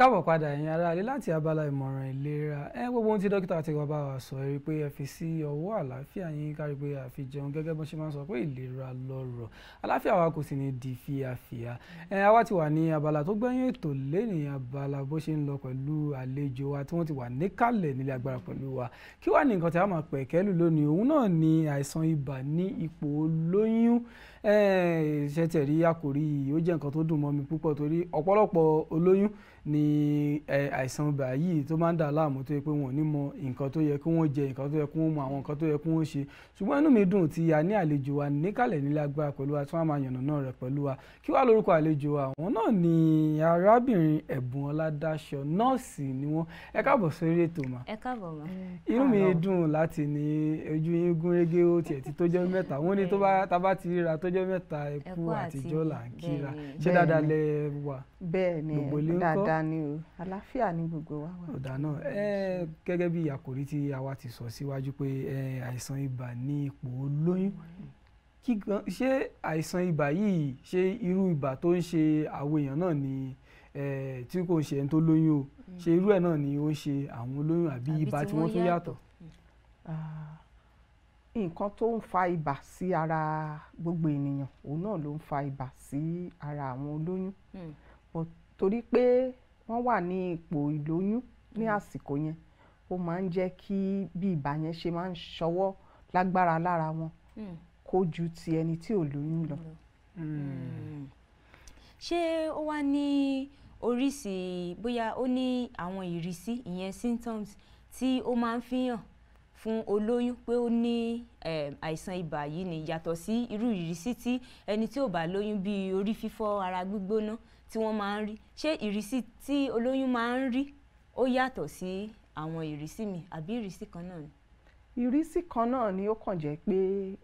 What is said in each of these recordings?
káàbọ̀ padà ẹ̀yin aráalé láti abala ìmọ̀ràn ìlera ẹ gbogbo ohun tí dókítà ti wá bá wa sọ ẹ rí i pé ẹ fi sí ọwọ́ àlàáfíà yín kárí pé àfi jẹun gẹ́gẹ́ bọ́n ṣe máa ń sọ pé ìlera lọ́rọ̀ àlàáfíà wa kò sì ní di fíafíà ẹ àwa ti wà ní abala tó gbẹ̀yìn ètò lẹ́ni abala bó ṣe ń lọ pẹ̀lú àlejò wa tí wọ́n ti wà níkàlẹ̀ nílé agbára pẹ̀lú wa kí wà ní nǹkan tí a máa pẹ̀ kẹ́lù lónìí òun ni àìsàn ibà ní ipò olóyún ṣe tẹ̀rí àkòrí ó jẹ́ nǹkan tó dùn mọ́ mi púpọ̀ torí ọ̀pọ̀lọpọ̀ olóyún ni àìsàn ibà yìí tó máa ń dà láàmú tó yẹ pé wọn ò ní mọ nǹkan tó yẹ kí wọ́n jẹ nǹkan tó yẹ kí wọ́n mọ àwọn nǹkan tó yẹ kí wọ́n ṣe ṣùgbọ́n inú mi dùn tí a ní àlejò wa níkàlẹ̀ nílé agbára pẹ̀lú wa tí wọ́n máa yànnàná rẹ̀ pẹ̀lú wa kí wàá lórúkọ àlejò wa àwọn náà ni arábìnrin ẹ̀bùn ọládàṣọ nọ́ọ̀sì ni wọ́n ẹ káàbọ̀ sórí ètò mà. ẹ káàbọ̀ mà. inú mi dùn láti ní ojú yín gún régé ó tiẹ̀ ti bẹ́ẹ̀ ni dáadáa ni o àlàáfíà ni gbogbo wa wà. ọ̀dà náà gẹ́gẹ́ bí àkòrí tí àwa ti sọ síwájú pé àìsàn ibà ní ipò olóyún kíkan ṣé àìsàn ibà yìí ṣé irú ibà tó ń ṣe àwọn èèyàn náà ni tí kò ń ṣe ẹni tó lóyún o ṣé irú ẹ̀ náà ni ó ń ṣe àwọn olóyún àbí ibà tí wọ́n tún yàtọ̀. nǹkan tó ń fa ibà sí ara gbogbo ènìyàn òun náà ló ń fa ibà sí ara àwọn olóyún. Mm but torí pé wọ́n wà ní ipò ìlóyún ní hmm. àsìkò yẹn ó máa ń jẹ́ kí bí ibà yẹn ṣe máa ń ṣọwọ́ lágbára lára wọn hmm. kó ju ti ẹni tí ò lóyún lọ. Hmm. ṣé ó wá ní oríṣi bóyá ó ní àwọn ìrísí ìyẹn symptoms tí ó máa ń fihàn fún olóyún pé ó ní eh, àìsàn ibà yìí ni yàtọ̀ sí irú ìrísí tí ẹni tí ò bá lóyún bíi orí fífọ́ ara gbígbóná tí wọ́n máa ń rí ṣé ìrísí tí olóyún máa ń rí ó yàtọ̀ sí àwọn ìrísí mi àbí ìrísí kan náà ni. ìrísí kan náà ni ó kàn jẹ́ pé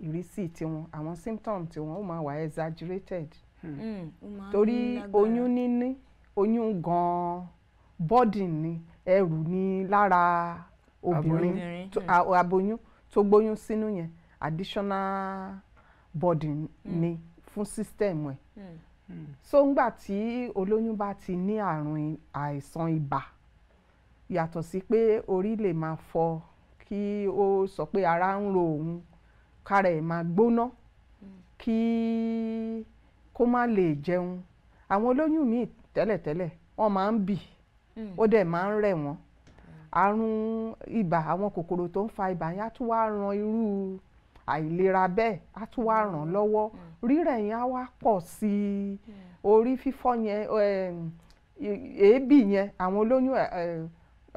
ìrísí tiwọn àwọn symptom tiwọn ó máa wà exaggerated hmm. Hmm, torí oyún níní oyún gan-an bọ́dì ni ẹrù ni lára obìnrin aboyún tó gbóyún sínú yẹn additional burden hmm. ni fún system ẹ̀ so ńgbà tí olóyún bá ti ní àrùn àìsàn ibà yàtọ̀ sí pé orí lè máa fọ́ kí ó sọ pé ara ń ro òun kára ẹ̀ máa gbóná kí kó má lè jẹun àwọn olóyún míì tẹ́lẹ̀tẹ́lẹ̀ wọ́n máa ń bì ó dẹ̀ máa ń rẹ̀ wọ́n àrùn ibà àwọn kòkòrò tó ń fa ibà yẹn á ran irú àìlera bẹ́ẹ̀ á tún wá ràn án lọ́wọ́ mm. rírẹ̀ yẹn á wá pọ̀ sí i mm. orí fífọ́ yẹn èébì yẹn àwọn olóyún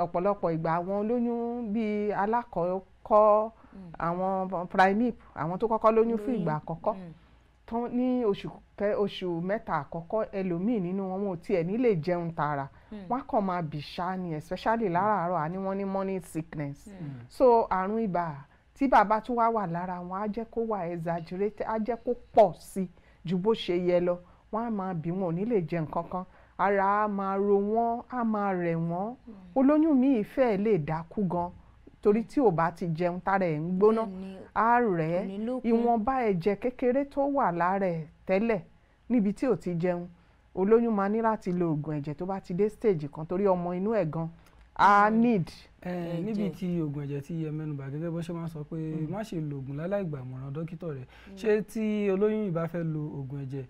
ọ̀pọ̀lọpọ̀ ìgbà àwọn olóyún bíi alákọ̀ọ́kọ́ mm. àwọn primip àwọn tó kọ́kọ́ lóyún fún ìgbà àkọ́kọ́ tán ní oṣù oṣù mẹ́ta àkọ́kọ́ ẹlòmíì nínú wọn wọn ò tiẹ̀ ní jẹun tààrà wọn kàn máa bìṣá ni especially láràárọ̀ àní wọ́n ní morning sickness so àrùn ibà tí bàbá tún wá wà lára wọn á jẹ́ kó wà exaggerate á jẹ́ kó pọ̀ sí ju bó ṣe yẹ lọ wọ́n á máa bí wọn ò ní lè jẹ nǹkan kan ara á máa ro wọ́n á máa rẹ̀ wọ́n hmm. olóyún mi ìfẹ́ lè dákú gan torí tí ò bá ti jẹun tára ẹ̀ ń gbóná á rẹ̀ ẹ́ ìwọ̀nba ẹ̀jẹ̀ kékeré tó wà lára ẹ̀ tẹ́lẹ̀ níbi tí ò ti jẹun olóyún máa ní láti lo oògùn ẹ̀jẹ̀ tó bá ti dé stage kan torí ọmọ inú ẹ̀ gan a need. ẹ níbi tí oògùn ẹ̀jẹ̀ ti yẹ mẹ́nubà gẹ́gẹ́ bó ṣe máa ń sọ pé hmm. má ṣe lo oògùn láláì gbàmọ̀ràn dókítà rẹ̀ hmm. ṣé tí olóyún ìbá fẹ́ lo oògùn ẹ̀jẹ̀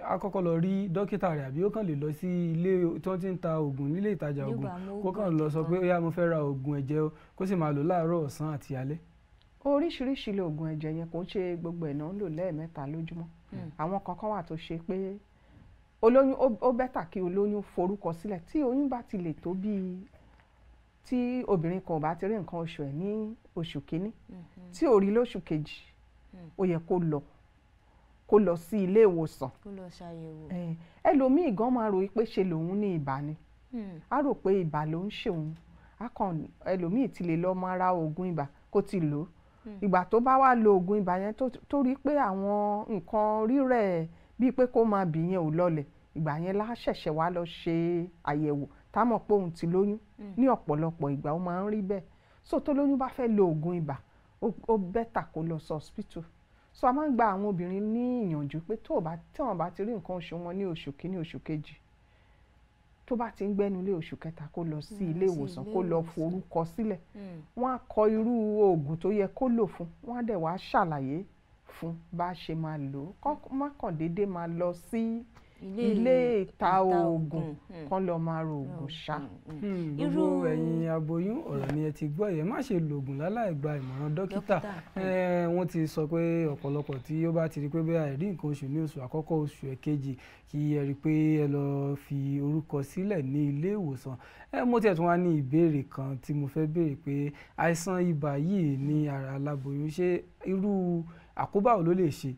a kọ́kọ́ lọ rí dókítà rẹ̀ àbí ó kàn lè lọ sí ilé tí wọ́n ti ń ta oògùn nílé ìtajà oògùn kó kàn lọ sọ pé ó mo fẹ́ ra oògùn ẹ̀jẹ̀ o kó sì máa lò láàárọ̀ ọ̀sán àti alẹ́ oríṣiríṣi lóògùn ẹ̀jẹ̀ yẹn kò ń ṣe gbogbo ẹ̀ náà ń lò lẹ́ẹ̀mẹ́ta lójúmọ́ hmm. àwọn kankan wà tó ṣe pé olóyún ó bẹ́tà kí olóyún forúkọ sílẹ̀ tí oyún bá ti lè tó bíi tí obìnrin kan ò bá ti rí nǹkan oṣù ẹ̀ ní oṣù kínní mm-hmm. tí ò rí lóṣù kejì mm. ó yẹ kó lọ kó lọ sí ilé ìwòsàn kó lọ ṣàyẹ̀wò ẹlòmíì gan máa rò pé ṣe lòun ní ibà ni hmm. a rò pé ibà ló ń ṣe òun ẹlòmíì ti lè lọ máa ra oògùn ibà kó ti lò ó hmm. ìgbà tó bá wá lo oògùn ibà yẹn tó rí pé àwọn nǹkan rírẹ̀ ẹ̀ bíi pé kó máa bì yẹn ò lọlẹ̀ ìgbà yẹn la ṣẹ̀ṣẹ̀ wá lọ ṣe àyẹ̀wò tá mọ̀ pé òun ti lóyún hmm. ní ọ̀pọ̀lọpọ̀ ìgbà ó máa ń rí bẹ́ẹ̀ so tó lóyún bá fẹ́ lo oògùn ibà ó bẹ́tà kó lọ sọ hospital so a máa ń gba àwọn obìnrin ní ìyànjú pé tó bá tí wọn bá ti rí nǹkan oṣù wọn ní oṣù kínní oṣù kejì tó bá ti ń gbẹ́nu ilé oṣù kẹta kó lọ sí hmm, ilé ìwòsàn kó lọ forúkọ sílẹ̀ hmm. wọ́n á kọ irú oògùn tó yẹ kó lò fún wọ́n á dẹ̀ wá ṣàlàyé fún bá ṣe máa lò ó má kàn déédé máa lọ sí ilé ìta oògùn kan hmm. lọ máa ro oògùn hmm, ṣá. Hmm, irú ẹ̀yin aboyún ọ̀rọ̀ ni ẹ ti gbọ́ yẹn má ṣe lògùn láláì gba ìmọ̀ràn dókítà wọ́n ti sọ pé ọ̀pọ̀lọpọ̀ tí ó bá ti rí pé bẹ́ẹ̀ àìrí nǹkan oṣù ní oṣù àkọ́kọ́ oṣù ẹ̀kejì kí ẹ rí i pé ẹ lọ fi orúkọ sílẹ̀ ní ilé ìwòsàn ẹ mo tiẹ̀ tún wá ní ìbéèrè kan tí mo fẹ́ béèrè pé àìsàn ibà yìí ní ara aláboyún ṣé irú àkóbá ò ló lè ṣe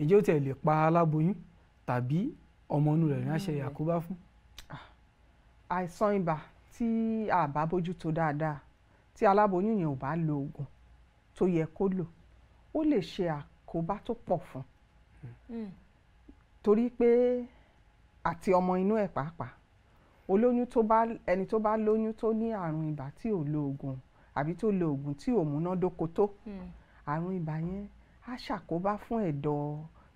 ǹjẹ́ ó tiẹ̀ lè pa aláboyún tàbí ọmọ inú rẹ̀ ránṣẹ́ hmm. àkóbá fún. Ah, àìsàn ibà tí a bá bójú tó dáadáa tí aláboyún yẹn ò bá lo oògùn tó yẹ kó lò ó lè ṣe àkóbá tó pọ̀ fún un hmm. torí pé àti ọmọ inú ẹ̀ pàápàá olóyún tó bá ẹni tó bá lóyún tó ní àrùn ibà tí ò lo oògùn àbí tó lo oògùn tí ò múnádóko tó hmm. àrùn ibà yẹn á ṣàkóbá fún ẹ̀dọ̀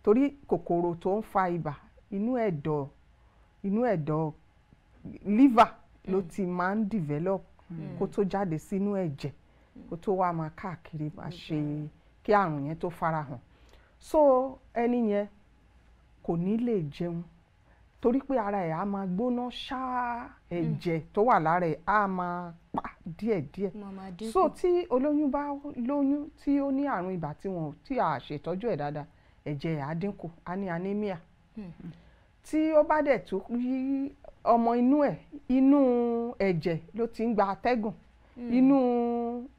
torí kòkòrò tó ń fa ibà inú ẹ̀dọ̀ inú ẹ̀dọ̀ liver ló mm. ti máa ń develop mm. kó tó jáde sínú ẹ̀jẹ̀ kó tó wá máa káàkiri máa mm. ṣe kí àrùn yẹn tó farahàn so ẹni yẹn kò ní lè jẹun torí pé ara ẹ̀ á máa gbóná ṣáá ẹ̀jẹ̀ tó wà lára ẹ̀ á máa pa díẹ̀díẹ̀ so tí olóyún bá lóyún tí ó ní àrùn ibà tí wọn tí a ṣètọ́jú ẹ̀ dáadáa ẹ̀jẹ̀ ẹ̀ á ní anemia hmm. tí ó bá dẹ̀ tó yí ọmọ inú ẹ̀ inú ẹ̀jẹ̀ ló ti ń gba atẹ́gùn hmm. inú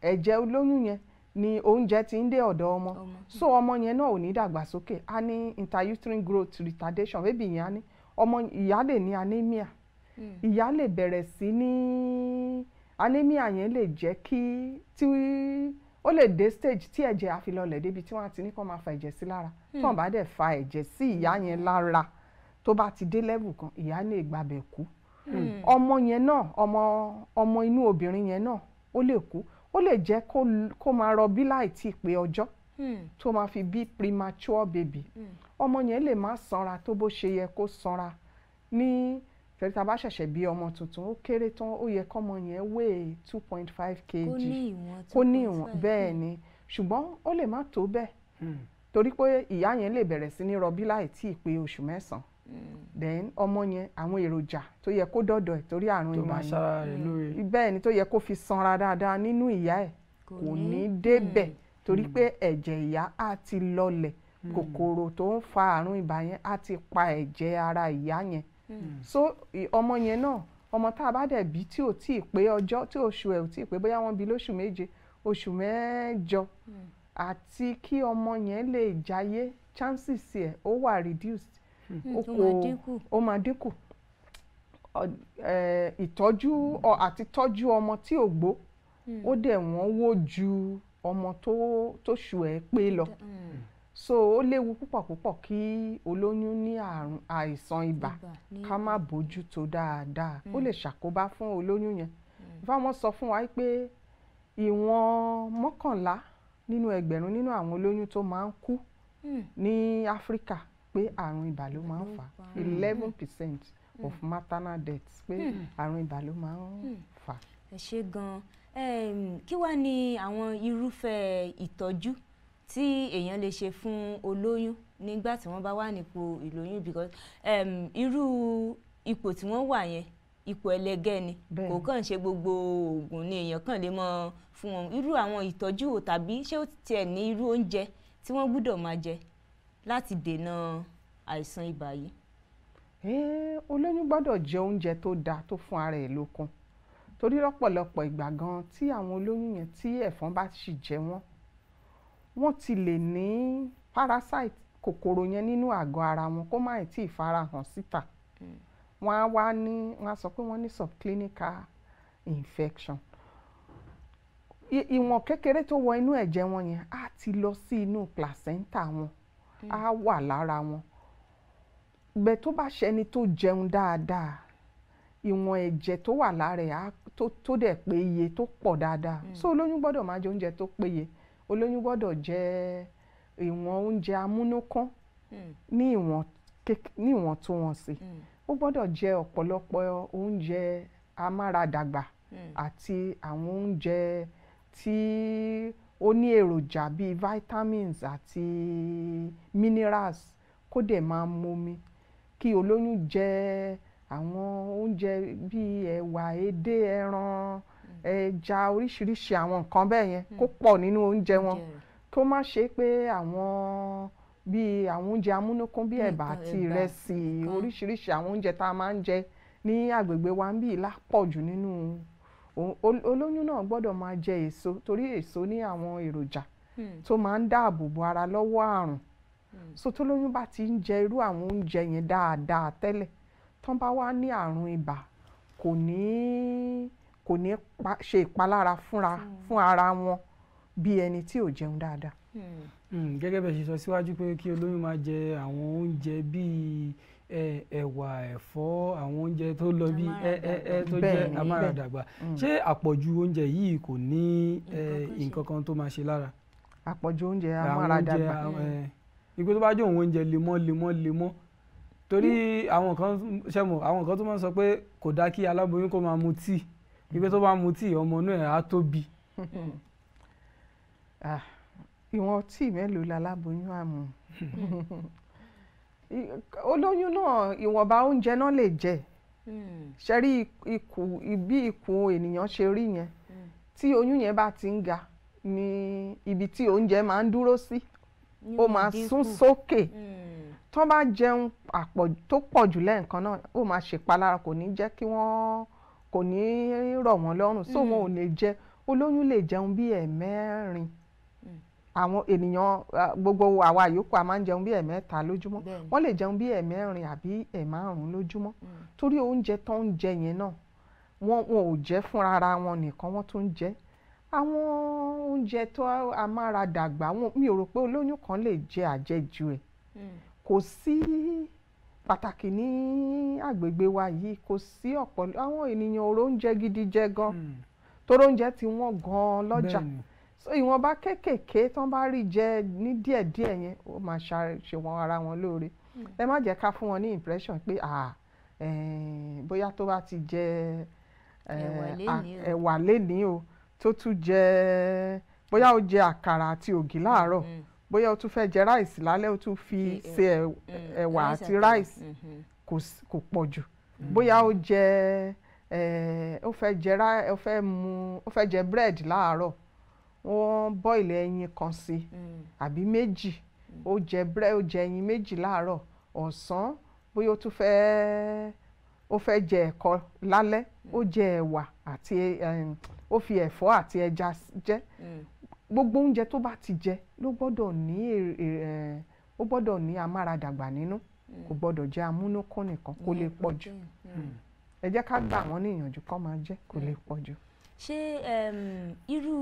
ẹ̀jẹ̀ olóyún yẹn ni oúnjẹ ti ń dé ọ̀dọ̀ ọmọ hmm. so ọmọ yẹn náà ò ní dàgbàsókè á ní intrauterine growth retardation bébì yẹn á ní ọmọ ìyá lè ní anemia ìyá lè bẹ̀rẹ̀ sí ní. Si anemia yẹn lè jẹ́ kí tí ó lè dé stage tí ẹ̀jẹ̀ àfilọ́lẹ̀ débi tí wọ́n ti ní kó máa fa ẹ̀jẹ̀ sí lára tí wọ́n hmm. bá dẹ̀ fa ẹ̀jẹ̀ sí ìyá yẹn lára tó bá ti dé level kan ìyá lè gbàbẹ̀ kú hmm. ọmọ yẹn náà ọmọ ọmọ inú obìnrin yẹn náà ó lè kú ó lè jẹ́ kó máa rọbí láì tí ì pé ọjọ́ hmm. tó máa fi bí premature baby ọmọ yẹn lè má sanra tó bó ṣe yẹ kó sanra ní ṣẹ́rí tá a bá ṣẹ̀ṣẹ̀ bí ọmọ tuntun ó kéré tán ó yẹ kọ́mọ yẹn wéè two point five kg kó ní ìwọ̀n bẹ́ẹ̀ ni ṣùgbọ́n ó lè má tó bẹ́ẹ̀ hmm. torí pé ìyá yẹn lè bẹ̀rẹ̀ sí ní rọbí láì tí ì pé oṣù mẹ́sàn-án hmm. then ọmọ yẹn àwọn èròjà tó yẹ kó dọ̀dọ̀ ẹ̀ torí àrùn ìmọ̀ yẹn hmm. bẹ́ẹ̀ ni tó yẹ kó fi sanra dáadáa nínú ìyá ẹ̀ kò ní débẹ̀ torí pé ẹ̀jẹ̀ ìyá á ti lọlẹ̀ kòkòrò tó ń fa àrùn ibà yẹn á ti pa ẹ̀jẹ̀ ara ìyá yẹn Hmm. so ọmọ yẹn náà ọmọ tá a bá dẹ̀ bí tí ò tí ì pé ọjọ́ tí oṣù ẹ̀ ò tí ì pé bóyá wọ́n bí lóṣù méje oṣù mẹ́jọ hmm. àti kí ọmọ yẹn lè jayé chances ẹ̀ ó wà reduced hmm. ó kò ó máa dínkù ìtọ́jú àti tọ́jú ọmọ tí ò gbó ó dẹ̀ wọ́n wó ju ọmọ tó tó ṣù ẹ́ pé lọ so ó léwu púpọ̀ púpọ̀ kí olóyún ní àrùn àìsàn ibà ká má bójú tó dáadáa ó mm. lè ṣàkóbá fún olóyún yẹn mm. fáwọn sọ fún wa pé ìwọ̀n mọ́kànlá nínú ẹgbẹ̀rún nínú àwọn olóyún tó máa ń kú mm. ní Áfíríkà pé àrùn ibà ló máa ń fà eleven percent of maternal deaths pé àrùn ibà ló máa ń fà á. ẹ ṣe gan-an kí wàá ní àwọn irúfẹ́ ìtọ́jú tí èèyàn lè ṣe fún olóyún nígbà tí wọ́n bá wà nípò ìlóyún because um, irú ipò tí wọ́n wà yẹn ipò ẹlẹgẹ́ ni kò kàn ṣe gbogbo oògùn ni èèyàn kàn lè mọ fún wọn irú àwọn ìtọ́jú wo tàbí ṣé ó tiẹ̀ ní irú oúnjẹ tí wọ́n gbúdọ̀ máa jẹ láti dènà àìsàn ibà yìí. olóyún gbọ́dọ̀ jẹ oúnjẹ tó dáa tó fún ara ẹ̀ lókun torí lọ́pọ̀lọpọ̀ ìgbà gan tí àwọn olóyún yẹn tí ẹ̀fọn bá sì jẹ wọ́n wọ́n ti lè ní parasite kòkòrò yẹn nínú àgọ́ ara wọn kó má tí ì farahàn síta hmm. wọ́n á wá ní wọ́n á sọ pé wọ́n ní subclinical infection ìwọ̀n kékeré tó wọ inú ẹ̀jẹ̀ wọn yẹn á ti lọ sí inú placenta wọn á hmm. wà lára wọn bẹ́ẹ̀ tó bá ṣẹni tó jẹun dáadáa ìwọ̀n ẹ̀jẹ̀ tó wà lára ẹ̀ tó dẹ̀ péye tó pọ̀ dáadáa hmm. so olóyún gbọ́dọ̀ máa jẹ oúnjẹ tó péye. Mm olóyún gbọ́dọ̀ jẹ ìwọ̀n oúnjẹ amúnúkán hmm. ní ìwọ̀n tó wọ̀n sí ó gbọ́dọ̀ jẹ ọ̀pọ̀lọpọ̀ oúnjẹ amáradàgbà hmm. àti àwọn oúnjẹ tí ó ní èròjà bíi vitamins àti minerals kó dẹ̀ máa momi kí olóyún jẹ àwọn oúnjẹ bíi ẹ̀wà edé ẹran ẹja oríṣiríṣi àwọn nǹkan bẹ́ẹ̀ yẹn hmm. kó pọ̀ nínú oúnjẹ wọn kó má ṣe pé àwọn bíi àwọn oúnjẹ amúnúkún bíi ẹ̀bà hmm, àti ìrẹsì oríṣiríṣi àwọn oúnjẹ tá a máa ń jẹ ní agbègbè wa ń bí ìlà pọ̀ jù nínú olóyún náà gbọ́dọ̀ máa jẹ èso torí èso ní àwọn èròjà hmm. tó máa ń dáàbò bo ara lọ́wọ́ àrùn so tólóyún bá ti ń jẹ irú àwọn oúnjẹ yẹn dáadáa tẹ́lẹ̀ tán bá wá ní àrùn ibà kò ní í kò ní ṣe ìpalára fúnra hmm. fún ara wọn bí ẹni tí ò jẹun dáadáa. Hmm. Hmm, gẹ́gẹ́ bẹ́ẹ̀ ṣe sọ síwájú pé kí olóyún máa jẹ àwọn oúnjẹ bíi ẹ̀wà ẹ̀fọ́ àwọn oúnjẹ tó lọ bí ẹ tó jẹ́ amáradàgbà ṣé àpọ̀jù oúnjẹ yìí kò ní nǹkan kan tó máa ṣe lára. àpọ̀jù oúnjẹ amáradàgbà. ìgbé tó bá jẹ́ òun oúnjẹ lemọ́ lemọ́ lemọ́ torí àwọn kan ṣẹ́mu àwọn kan tó máa ń sọ pé kò dá kí aláboyún kó máa mu tíì ipe tó bá mutí ọmọ inú ẹ̀ á tóbi. Ah, ìwọ̀n tíì mélòó laláboyún àmú olóyún náà ìwọ̀nba oúnjẹ náà lè jẹ ṣe rí ikù bí ikùn ènìyàn ṣe rí yẹn tí oyún yẹn bá ti ń ga ní ibi tí oúnjẹ máa ń dúró sí ó máa sún sókè hmm. tó bá jẹun àpọ̀ tó pọ̀ jù lẹ́ẹ̀kan náà ó máa ṣèpalára kò ní jẹ́ kí wọ́n kò ní rọ̀ wọ́n lọ́rùn so wọn ò mm. lè jẹ olóyún lè jẹun bí ẹ̀ẹ̀mẹ́rin mm. àwọn ènìyàn gbogbo àwa yòókù a máa ń jẹun bí ẹ̀ẹ̀mẹ́ta lójúmọ́ wọ́n lè jẹun bí ẹ̀ẹ̀mẹ́rin àbí ẹ̀ẹ̀márùn lójúmọ́ mm. torí oúnjẹ tó ń jẹ yẹn náà wọn wọn ò jẹ fúnra ara wọn nìkan wọ́n tún jẹ àwọn oúnjẹ tó amáradàgbà mi ò rò pé olóyún kan lè jẹ àjẹjù ẹ̀ kò sí. Si, pàtàkì ní àgbègbè wa yìí kò sí ọ̀pọ̀ àwọn ènìyàn òró gidi jẹ gan hmm. toró oúnjẹ tí wọ́n gan lọ́jà so ìwọ̀nba kéékèèké tán bá rí jẹ ní díẹ̀díẹ̀ yẹn ó máa ṣe wọn ara wọn lóore hmm. ẹ má jẹ́ ká fún wọn ní impression pé ah bóyá tó bá ti jẹ ẹ̀wà lénìí o tó tún jẹ bóyá ó jẹ àkàrà àti ògì láàárọ̀. Mm -hmm bóyá o tún fẹ́ jẹ ráìsì lálẹ́ o tún fi ṣe mm, mm, ẹ̀wà àti ráìsì mm-hmm. kò pọ̀ jù mm-hmm. bóyá o jẹ ó fẹ́ jẹ ó fẹ́ mu ó fẹ́ jẹ búrẹ́dì láàárọ̀ wọ́n bọ́ìlì ẹyin kan sí mm. àbí méjì ó jẹ búrẹ́ ó jẹ ẹyin méjì láàárọ̀ ọ̀sán bóyá ó tún fẹ́ ó fẹ́ jẹ ẹ̀kọ lálẹ́ ó jẹ ẹ̀wà àti ó fi ẹ̀fọ́ àti ẹja jẹ gbogbo oúnjẹ tó bá ti jẹ ló gbọ́dọ̀ ní ó gbọ́dọ̀ ní amáradàgbà nínú kò gbọ́dọ̀ jẹ́ amúnúkún nìkan kò lè pọ̀ jù ẹ jẹ́ ká gbà wọ́n ní ìyànjú máa jẹ kò lè pọ̀ jù. ṣé irú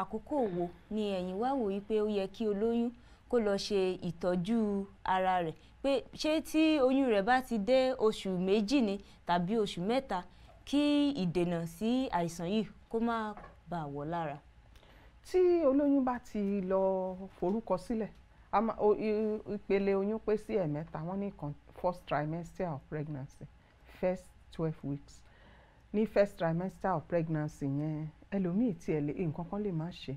àkókò wo ni ẹ̀yin wá wò wípé ó yẹ kí olóyún kó lọ ṣe ìtọ́jú ara rẹ̀ pé ṣé tí oyún rẹ̀ bá ti dé oṣù méjì ni tàbí oṣù mẹ́ta kí ìdènà sí àìsàn yìí kó má bàa wọ̀ lára tí olóyún bá ti lọ forúkọ sílẹ̀ ìpele oyún pé sí ẹ̀mẹ́ta wọ́n ní first trimester of pregnancy first twelve weeks ní first trimester of pregnancy yẹn ẹlòmíì tí ẹ lè nǹkan kan lè má ṣe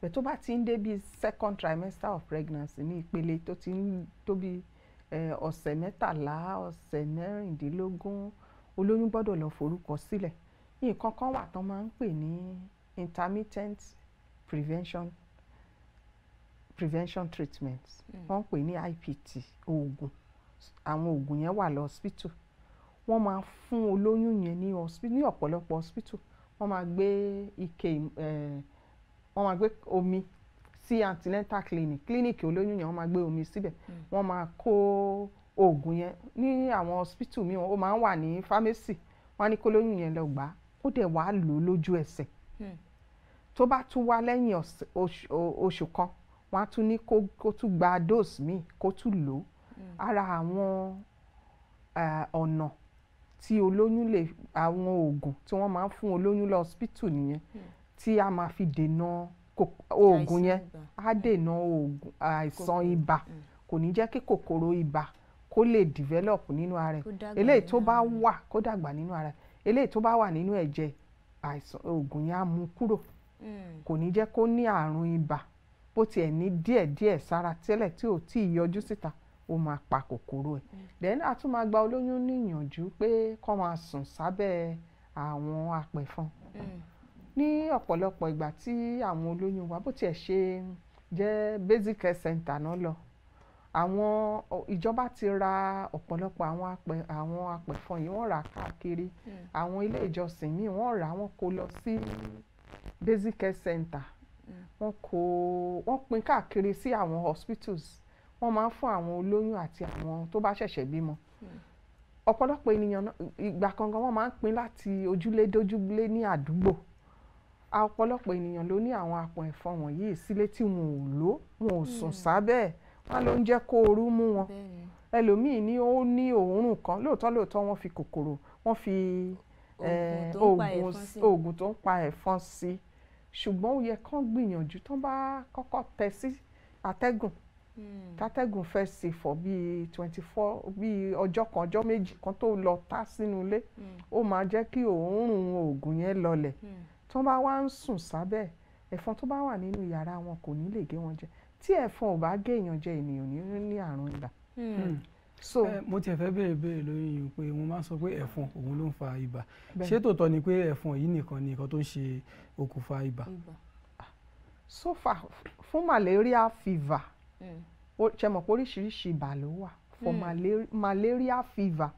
bẹ́ẹ̀ tó bá ti ń dé bí second trimester of pregnancy ní ìpele tó ti ń tó bí ọ̀sẹ̀ mẹ́tàlá ọ̀sẹ̀ mẹ́rìndínlógún olóyún gbọ́dọ̀ lọ forúkọ sílẹ̀ nǹkan kan wà tán máa ń pè ní intermittent prevention prevention treatment hmm. wọ́n pè ní IPT oògùn àwọn oògùn yẹn wà lọ hospital wọ́n máa fún olóyún yẹn ní hospital ní ọ̀pọ̀lọpọ̀ hospital wọ́n máa gbé ike wọ́n máa gbé omi sí antenatal clinic clinic olóyún yẹn wọ́n máa gbé omi síbẹ̀ hmm. wọ́n máa kó oògùn yẹn ní àwọn hospital mi ó máa wà ní pharmacy wọ́n á ní kólóyún yẹn lọ gbà á ó dẹ̀ wàá lò ó lójú ẹsẹ̀. Hmm tó bá tún wá lẹ́yìn oṣù kan wọ́n á tún ní kó tún gba dose míì kó tún lò ó hmm. ara àwọn ọ̀nà tí olóyún lè àwọn oògùn tí wọ́n máa ń fún olóyún lọ hospital nìyẹn hmm. tí a máa fi dènà oògùn yẹn á dènà oògùn àìsàn ibà hmm. kò ní jẹ́ kí kòkòrò ibà kó lè develop nínú ara ẹ̀ eléyìí tó bá wà kó dàgbà nínú ara ẹ̀ eléyìí tó bá wà nínú ẹ̀jẹ̀ àìsàn oògùn yẹn á mú kúrò Mm. kò ní jẹ́ kó ní àrùn ibà bó tiẹ̀ ní díẹ̀díẹ̀ sára tẹ́lẹ̀ tí ò tí ì yọjú síta ó máa pa kòkòrò ẹ̀ mm. then a tún máa gba olóyún ní ìyànjú pé kó máa sùn sábẹ́ àwọn apẹ̀fọn mm. ní ọ̀pọ̀lọpọ̀ ìgbà tí àwọn olóyún wa bó tiẹ̀ ṣe jẹ́ basic care center náà lọ àwọn ìjọba ti ra ọ̀pọ̀lọpọ̀ àwọn apẹ̀ àwọn apẹ̀fọn yìí wọ́n rà káàkiri àwọn ilé ìjọsìn míì wọ́n rà wọ́n kó lọ sí basic care center wọ́n kó wọ́n pín káàkiri sí àwọn hospitals wọ́n máa ń fún àwọn olóyún àti àwọn tó bá ṣẹ̀ṣẹ̀ bímọ ọ̀pọ̀lọpọ̀ ènìyàn ìgbà kankan wọ́n máa ń pín láti ojúlé dójúlé ní àdúgbò ọ̀pọ̀lọpọ̀ ènìyàn ló ní àwọn àpọ̀n ẹ̀fọn wọ̀nyí sílé tí wọn ò lò wọn ò sùn hmm. sábẹ́ ẹ̀ wọ́n ló ń jẹ́ kó ooru mú wọn ẹlòmíì ni ó ní òórùn kan lóòótọ́ lóòótọ́ wọ́n fi kòkòrò wọ́n fi oògùn tó ń pa ẹ̀fọn sí ṣùgbọ́n ó yẹ kán gbìyànjú tó bá kọ́kọ́ tẹ sí atẹ́gùn hmm. tátẹ́gùn fẹ́ sè fọ́ bíi twenty four bíi ọjọ́ kan ọjọ́ méjì kan tó lọ tá sínú ilé hmm. ó máa jẹ́ kí òórùn oògùn yẹn lọlẹ̀ hmm. tó bá wá ń sùn sábẹ́ ẹ̀fọn tó bá wà nínú yàrá wọn kò ní lè gé wọn jẹ tí ẹ̀fọn ò bá gé èèyàn jẹ ènìyàn ní àrùn ibà so eh, mo tiẹ̀ fẹ́ béèrè béèrè lórí yìí pé wọ́n máa ń sọ pé ẹ̀fọn òun ló ń fa ibà ṣé tòótọ́ ni pé ẹ̀fọn yìí nìkan ni nǹkan tó ń ṣe okùnfà ibà. Ah, so far fún malaria fever hmm. ṣe mọ̀ pé oríṣiríṣi ibà ló wà for hmm. malaria fever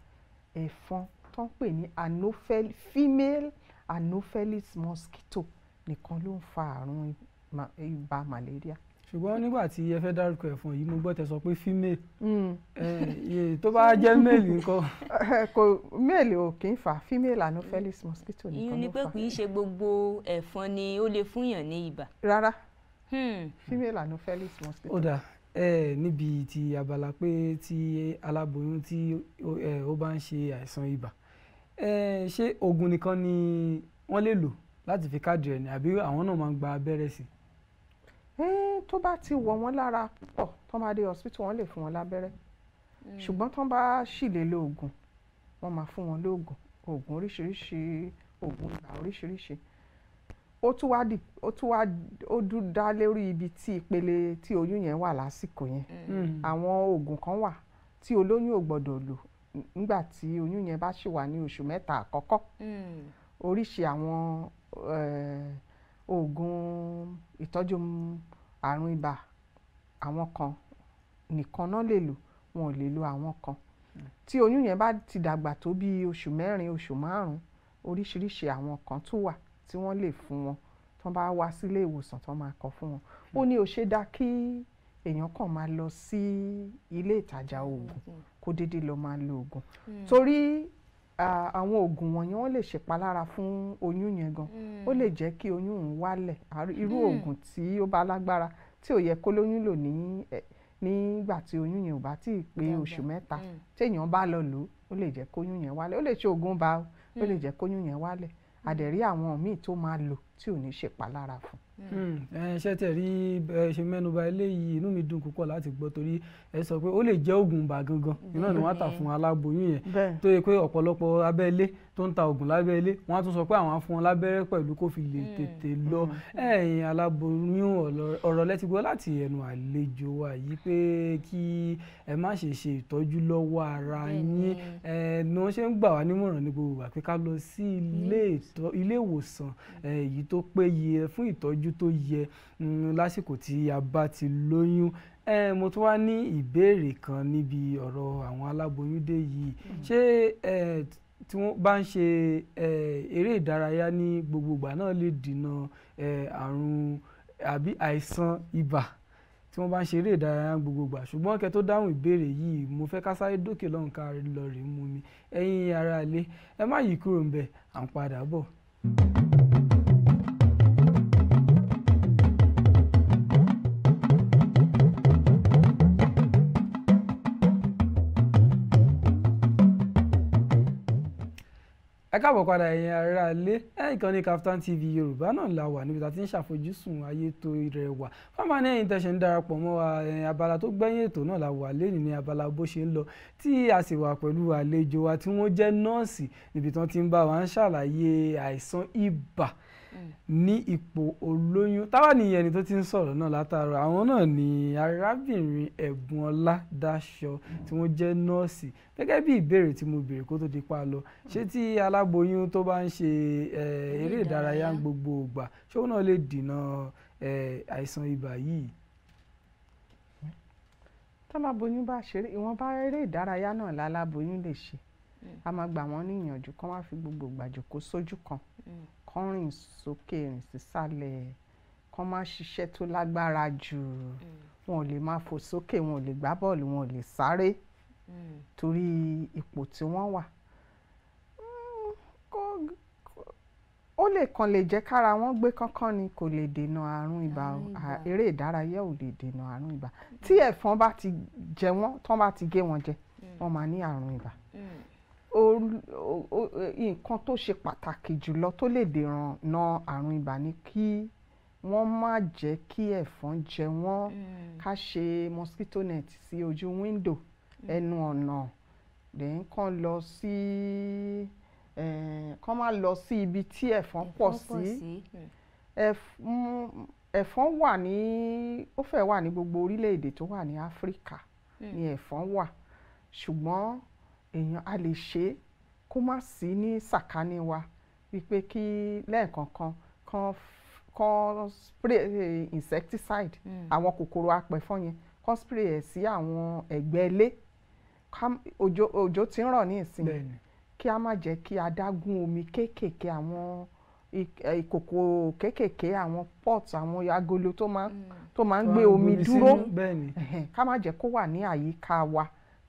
ẹ̀fọn tó ń pè ní female anopheles mosquito nìkan ló ń fa àrùn ibà malaria. Mm ṣùgbọ́n nígbà tí ẹ fẹ́ dárúkọ ẹ̀fọn yìí mo gbọ́ tẹ sọ pé female hmm. tó bá jẹ́ male nǹkan. kò male ò kì í fà female anopheles mosquito nìkan ló fà. ìyún ni pé kì í ṣe gbogbo ẹ̀fọn ni ó lè fúnyàn ní ibà. rárá hmm. female anopheles mosquito. ó dà níbi tí abala pé tí aláboyún tí ó bá ń ṣe àìsàn ibà ṣé oògùn nìkan ni wọ́n lè lò láti fi kádìí ni àbí àwọn náà máa ń gba abẹ́rẹ́ sí i tó bá ti wọ̀ wọ́n lára púpọ̀ tó bá dé hospital wọ́n lè fún wọn lábẹ́rẹ́ mm. ṣùgbọ́n tó bá ṣì lè lo oògùn wọ́n máa fún wọn lóògùn oògùn oríṣiríṣi oògùn ìgbà oríṣiríṣi ó tún wá dì ó tún wá ó dún dá lórí ibi tí ìpele tí oyún yẹn wà lásìkò yẹn mm. àwọn oògùn kan wà tí olóyún ò gbọ́dọ̀ lò nígbà tí oyún yẹn bá ṣì wà ní oṣù mẹ́ta àkọ́kọ́ mm. oríṣi àwọn. Uh, oògùn ìtọ́jú àrùn ibà àwọn kan nìkan náà lè lò wọn ò lè lo àwọn kan tí oyún yẹn bá ti dàgbà tó bí oṣù mẹ́rin oṣù márùn-ún oríṣiríṣi àwọn kan tún wà tí wọ́n lè fún wọn tó bá wá sílé ìwòsàn tó máa kọ fún wọn ó ní ó ṣe dá kí èèyàn kàn máa lọ sí ilé ìtajà oògùn kó déédéé lọ máa lo oògùn hmm. torí àwọn oògùn wọ̀nyẹn wọ́n lè ṣèpalára fún oyún yẹn gan hmm. ó lè jẹ́ kí oyún òun wálẹ̀ irú hmm. oògùn tí ó bá lágbára tí ò yẹ kó lóyún lò ní nígbà tí oyún yẹn ò bá tí ì pé oṣù mẹ́ta hmm. téèyàn bá lọ lò ó lè jẹ́ kóyún yẹn wálẹ̀ ó lè ṣe oògùn bá ó lè jẹ́ kóyún yẹn wálẹ̀ àdẹ̀rí àwọn míì tó máa lò tí ò ní ṣèpalára fún Hmm. Hmm. ṣé tẹ̀ rí ẹ ṣe mẹ́nuba eléyìí inú mi dùn púpọ̀ láti gbọ́ torí ẹ sọ pé ó lè jẹ́ oògùn ibà gangan iná ni wọ́n á tà fún aláboyún yẹn tó yẹ pé ọ̀pọ̀lọpọ̀ abẹ́lé tó ń ta oògùn lábẹ́lé wọ́n á tún sọ pé àwọn á fún wọn lábẹ́rẹ́ pẹ̀lú kó fi lè hmm. tètè lọ ẹ̀yìn aláboyún ọ̀rọ̀ lẹ́ti gbọ́ láti ẹnu àlejò wa yìí pé kí ẹ má ṣe ṣe ìtọ́jú lọ́wọ́ ara yín ẹ̀ ṣe ń gbà wá nímọ̀ràn ní gbogbo ìgbà lọ sí ilé ìwòsàn èyí tó péye fún ìtọ́jú ìtọ́jú tó yẹ mm, lásìkò tí a bá ti lóyún eh, mo tún wá ní ìbéèrè kan níbi ọ̀rọ̀ àwọn aláboyún dé yìí mm-hmm. ṣé eh, tí wọ́n bá ń ṣe eh, eré ìdárayá ní gbogbogbà náà lè dènà eh, àrùn àbí àìsàn ibà tí wọ́n bá ń ṣe eré ìdárayá gbogbogbà ṣùgbọ́n kẹ́ tó dáhùn ìbéèrè yìí mo fẹ́ ká sáré dókè lọ́hùn ká lọ rèé mú mi ẹ̀yin ará ẹ má yí kúrò ń bẹ̀ à ń padà bọ̀. káàbọ̀ padà ẹ̀yin ará ilé ìkànnì Kaftan TV yorùbá náà la wà níbi tá a ti ń ṣàfojúsùn ayé tó rẹwà fáfáàní ẹ̀yin tẹ̀sán darapọ̀ mọ́ wa abala tó gbẹ̀yìn ètò náà la wà lẹ́yìn ní abala bó ṣe ń lọ tí a sì wà pẹ̀lú àlejò wa tí wọ́n jẹ́ nọ́ọ̀sì níbi tí wọ́n ti ń bá wa ń ṣàlàyé àìsàn ibà ní ipò olóyún táwa nìyẹn ni tó ti ń sọ̀rọ̀ náà látàárọ̀ àwọn náà ni arábìnrin ẹ̀bùnọlá dáṣọ tí wọ́n jẹ́ nọ́ọ̀sì gẹ́gẹ́ bí ìbéèrè tí mo béèrè kó tó di pa lọ ṣé tí aláboyún tó bá ń ṣe eré ìdárayá gbogbo ìgbà ṣé òun náà lè dènà àìsàn ibà yìí tọ́láboyún bá ṣeré ìwọ̀nba eré ìdárayá náà láláboyún lè ṣe a máa gbà wọ́n níyànjú kán wá fi gbogbo ìgbàjòkó sójú kan mm kán rìn sókè rìn sísàlẹ̀ kán má ṣiṣẹ́ tó lágbára jù mm. wọn ò lè máa fò sókè wọn ò lè gbá bọ́ọ̀lù wọn ò lè sáré mm. torí ipò tí wọ́n wà mm, ó lè kàn lè jẹ́ kára wọn gbé kánkán ni kò lè dènà àrùn ibà eré ìdárayá ò lè dènà àrùn ibà tí ẹ̀fọn bá ti jẹ wọ́n tán bá ti gé wọn jẹ wọ́n máa ní àrùn ibà E, nǹkan tó ṣe pàtàkì jùlọ tó lè dènà àrùn ibà ni kí wọ́n má jẹ́ kí ẹ̀fọn jẹ wọ́n mm. ká ṣe mosquito net sí ojú window ẹnu ọ̀nà then kàn lọ sí kàn má lọ sí ibi tí ẹ̀fọn pọ̀ sí ẹ̀fọn wà ní ó fẹ́ wà ní gbogbo orílẹ̀-èdè tó wà ní Áfíríkà mm. ni ẹ̀fọn wà ṣùgbọ́n èèyàn a lè ṣe é kó má sí ní sàkání wa wípé kí lẹ́ẹ̀kọ̀ọ̀kan kan kan spray eh, insecticide hmm. àwọn kòkòrò apẹ̀fọn yẹn kan spray ẹ̀ sí àwọn ẹ̀gbẹ́ ilé òjò ti ń rọ̀ ní ìsìn kí a má jẹ́ kí adágún omi kéékèèké àwọn eh, ìkòkò kéékèèké àwọn pot àwọn agolo tó máa hmm. tó máa ń gbé omi dúró ká má jẹ́ kó wà ní àyíká wa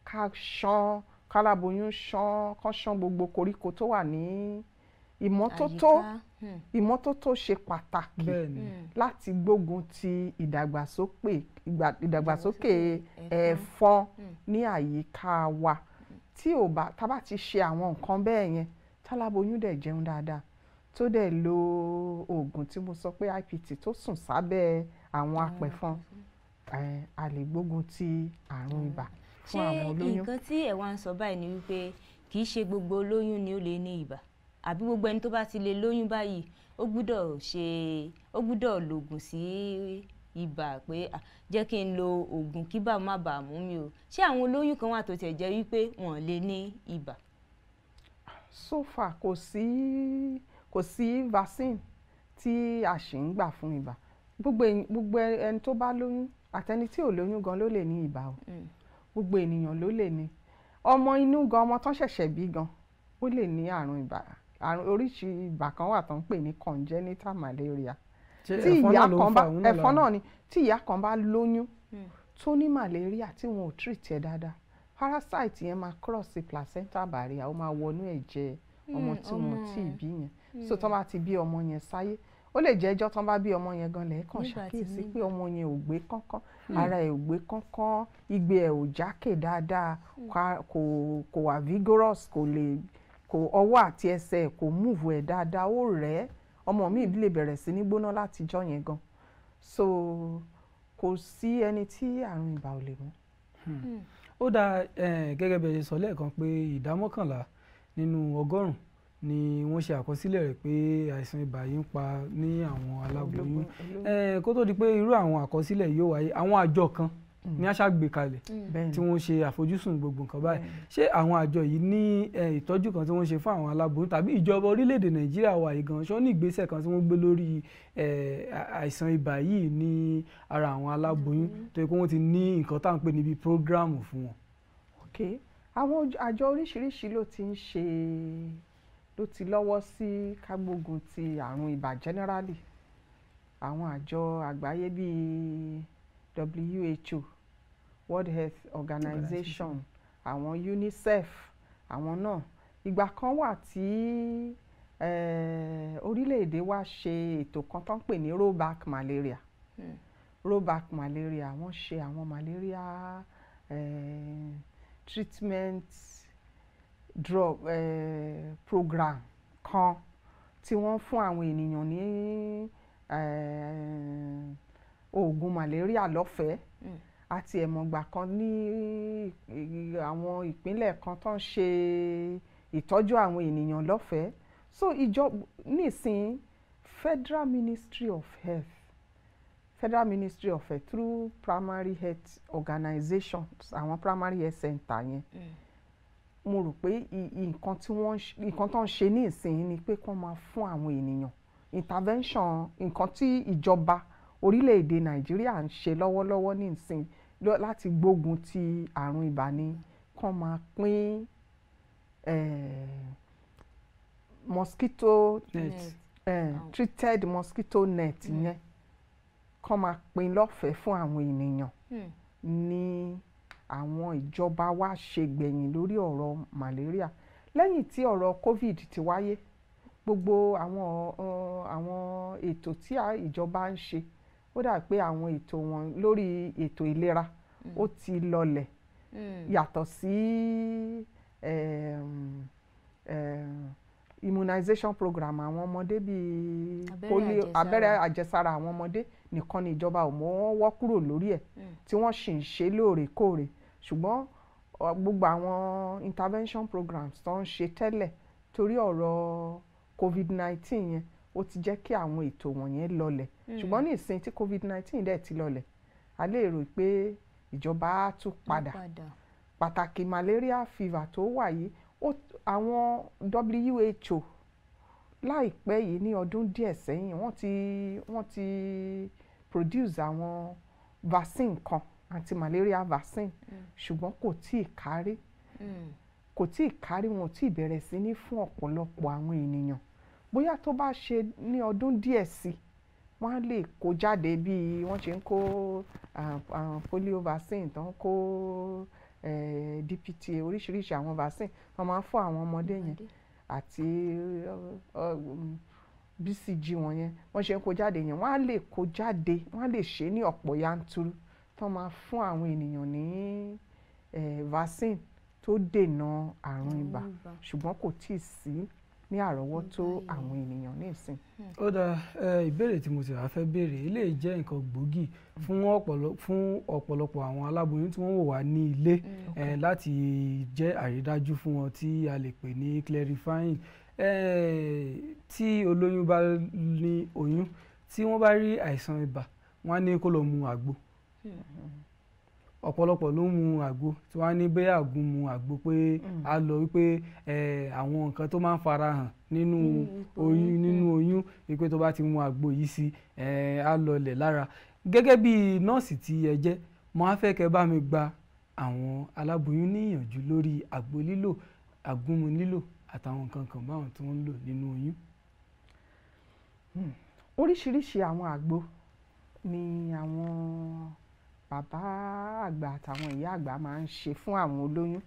ká ṣán káláboyún ṣán kán ṣán gbogbo koríko tó wà ní ìmọ́tótó hmm. ìmọ́tótó ṣe pàtàkì hmm. láti gbógun ti ìdàgbàsókè ìdàgbàsókè ẹ̀fọn hmm. ní àyíká wa tí ò bá tá bá ti ṣe àwọn nǹkan bẹ́ẹ̀ yẹn táláboyún dẹ̀ jẹun dáadáa tó dẹ̀ lo oògùn tí mo sọ pé IPT tó sùn sábẹ́ àwọn apẹ̀fọn a lè gbógun ti àrùn ibà. Mm fún àwọn olóyún. ṣé nǹkan tí ẹ̀ wá ń sọ báyìí ni wípé kì í ṣe gbogbo olóyún ni ó lè ní ibà àbí gbogbo ẹni tó bá ti lè lóyún báyìí ó gbúdọ̀ ṣe ó gbúdọ̀ lògùn sí ibà pé jẹ́ kí n lo oògùn kí bá má bàa mú mi o ṣé àwọn olóyún kan wà tó tiẹ̀ jẹ́ wípé wọ́n lè ní ibà. so far kò sí kò sí vaccine tí a ṣì ń gbà fún ibà gbogbo ẹni tó bá lóyún àtẹni tí ò lóyún gan ló lè ní ibà o. Mm gbogbo ènìyàn ló lè ní ọmọ inú gan ọmọ tán ṣẹ̀ṣẹ̀ bí gan ó lè ní àrùn ibà àrùn oríṣi ibà kan wà tó ń pè ní congenital malaria tí ìyá kan bá ẹ̀fọn náà ni tí ìyá kan bá lóyún hmm. tó ní malaria tí wọn ò treat ẹ̀ dáadáa parasite yẹn máa cross the placenta barrier ó máa wọnú ẹ̀jẹ̀ hmm, ọmọ tí wọn ò tí ì bí yẹn so hmm. tó bá ti bí ọmọ yẹn sáyé ó lè jẹ́ ẹjọ́ tán bá bí ọmọ yẹn gan lẹ́ẹ̀kan ṣàkíyèsí pé ọmọ yẹn ò gbé kánkán hmm. ara ẹ̀ ò gbé kánkán igbe ẹ̀ ò jákè dáadáa hmm. kò kò wà vigorous kò lè kò ọwọ́ àti ẹsẹ̀ kò múùvù ẹ̀ dáadáa ó rẹ̀ ẹ́ ọmọ mi lè bẹ̀rẹ̀ sí ní gbóná láti jọ́ yẹn gan so kò sí ẹni tí àrùn ibà ò lè mú. Hmm. ó dáa eh, gẹ́gẹ́ bí ẹ ṣe sọ lẹ́ẹ̀kan pé ìdá mọ́kànlá nínú ọgọ́rùn-ún ni wọ́n ṣe àkọsílẹ̀ rẹ̀ pé àìsàn ibà yìí ń pa ní àwọn aláboyún kó tó di pé irú àwọn àkọsílẹ̀ yóò wáyé àwọn àjọ kan mm. ní àṣà gbé kalẹ̀ mm. tí wọ́n ṣe àfojúsùn gbogbo nǹkan báyìí ṣé àwọn àjọ yìí ní ìtọ́jú kan tí wọ́n ṣe fún àwọn aláboyún tàbí ìjọba orílẹ̀-èdè nàìjíríà wà yìí gan-an ṣé wọ́n ní ìgbésẹ̀ kan tí wọ́n gbé lórí àìsàn ibà yìí ní ara àwọn aláboyún mm. tó yẹ kó wọ́n ti ní nǹkan tá à ń pè níbi prógráàmù fún wọn. ok àwọn àjọ oríṣiríṣi ló ti ń ṣe ló ti lọ́wọ́ sí kágbógun ti àrùn ibà generally àwọn àjọ àgbáyé bíi WHO World Health Organization àwọn UNICEF àwọn náà ìgbà kan wà tí eh, orílẹ̀-èdè wa ṣe ètò kan tó ń pè ní rollback malaria hmm. rollback malaria wọ́n ṣe àwọn malaria eh, treatment drug eh, program kan tí wọ́n fún àwọn ènìyàn ní eh, oògùn malaria lọ́fẹ̀ẹ́ àti hmm. ẹ̀mọ̀gbà kan ní eh, àwọn ìpínlẹ̀ kan tó ń ṣe ìtọ́jú àwọn ènìyàn lọ́fẹ̀ẹ́ so ìjọba nísìn Federal Ministry of Health Federal Ministry of Health through primary health organizations àwọn primary health center yẹn. Mm mo rò pé nǹkan tí wọ́n nǹkan tó ń ṣe ní ìsinyìí ni pé kó máa fún àwọn ènìyàn intervention nǹkan tí ìjọba orílẹ̀-èdè nàìjíríà ń ṣe lọ́wọ́lọ́wọ́ ní ìsìn láti gbógun ti àrùn ibà ni kó máa pín mosquito net eh, treated mosquito net yẹn kó máa pín lọ́fẹ̀ẹ́ fún àwọn ènìyàn hmm. ní. Mm. Ni, àwọn ìjọba wa ṣe gbẹ̀yìn lórí ọ̀rọ̀ malaria lẹ́yìn tí ọ̀rọ̀ covid ti wáyé gbogbo àwọn àwọn ètò tí ìjọba ń ṣe ó dà pé àwọn ètò wọn lórí ètò ìlera hmm. ó ti lọlẹ̀ hmm. yàtọ̀ sí immunization program àwọn ọmọdé bíi polio abẹ́rẹ́ àjẹsára àwọn ọmọdé nìkan ni ìjọba ò mọ́ wọ́ kúrò lórí ẹ̀ hmm. tí wọ́n sì ń ṣe lóòrèkóòrè ṣùgbọ́n gbogbo àwọn intervention programs tó ń ṣe tẹ́lẹ̀ torí ọ̀rọ̀ covid-19 yẹn ó ti jẹ́ kí àwọn ètò wọ̀nyẹn lọlẹ̀ hmm. ṣùgbọ́n ní ìsìn tí covid-19 dẹ̀ ti lọlẹ̀ a lè rò pé ìjọba á tún padà pàtàkì malaria fever tó wà yìí àwọn WHO láìpẹ́ yìí ní ọdún díẹ̀ sẹ́yìn wọ́n ti wọ́n ti produce àwọn vaccine kan anti malaria vaccine mm. ṣùgbọ́n kò tíì kárí mm. kò tíì kárí wọn ò tíì bẹ̀rẹ̀ sí ní fún ọ̀pọ̀lọpọ̀ àwọn ènìyàn bóyá tó bá ṣe ní ọdún díẹ̀ sí wọ́n á lè kó jáde bí wọ́n ṣe ń kó polio vaccine tó ń kó DPTA oríṣiríṣi àwọn vaccine wọ́n máa ń fún àwọn ọmọdé yẹn àti BCG wọn yẹn wọ́n ṣe ń kó jáde yẹn wọ́n á lè kó jáde wọ́n á lè ṣe ní ọ̀pọ̀ yanturu tó máa fún àwọn ènìyàn ní vaccine tó dènà àrùn ibà ṣùgbọ́n kò tíì sí ní àrọ́wọ́tó àwọn ènìyàn nísìn. ó dáa ìbéèrè tí mo sì wá fẹ́ béèrè eléyìí jẹ́ nǹkan gbòógì fún ọ̀pọ̀lọpọ̀ àwọn aláboyún tí wọ́n wò wá ní ilé mm. láti jẹ́ àrídájú fún wọn tí a lè pè ní clarifying tí olóyún bá ní oyún tí wọ́n bá rí àìsàn ibà wọ́n á ní kó lọ mu àgbo ọ̀pọ̀lọpọ̀ ló mu àgbo tí wọ́n á ní bẹ́ẹ̀ àgùn mu àgbo pé mm. a lọ wípé àwọn nǹkan tó máa ń fara hàn nínú oyún mm. nínú oyún wípé tó bá ti mu àgbo yìí sí a lọlẹ̀ lára gẹ́gẹ́ bí nọ́ọ̀sì tí ẹ mo á fẹ́ kẹ́ bá mi gba àwọn aláboyún níyànjú lórí àgbo lílò àgúnmu lílò àtàwọn nǹkan kan báwọn tí wọ́n ń lò nínú oyún. Hmm. oríṣiríṣi àwọn àgbo ni àwọn bàbá àgbà àtàwọn ìyá àgbà máa ń ṣe fún àwọn olóyún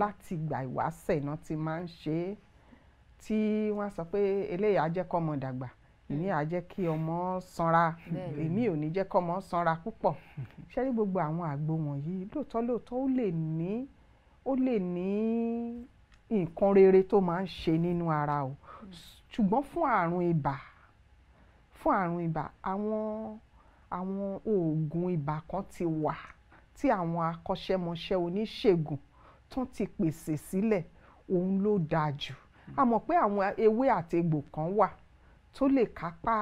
láti ìgbà ìwáṣẹ̀ náà ti máa ń ṣe é tí wọ́n sọ pé eléyìí á jẹ́ kọ́mọ dàgbà èmi á jẹ́ kí ọmọ sanra èmi ò ní jẹ́ kọ́mọ sanra púpọ̀ ṣé rí gbogbo àwọn àgbo wọ̀nyí lóòótọ́ lóòótọ́ ó lè ní ó lè ní nǹkan rere tó máa ń ṣe nínú ara o ṣùgbọ́n fún àrùn ibà fún àrùn ibà àwọn àwọn oògùn ibà kan ti wà tí àwọn akọ́ṣẹ́mọṣẹ́ oníṣègùn tó ti pèsè sílẹ̀ òun ló dáa jù a mọ̀ pé àwọn ewé àtegbò kan wà tó lè kápá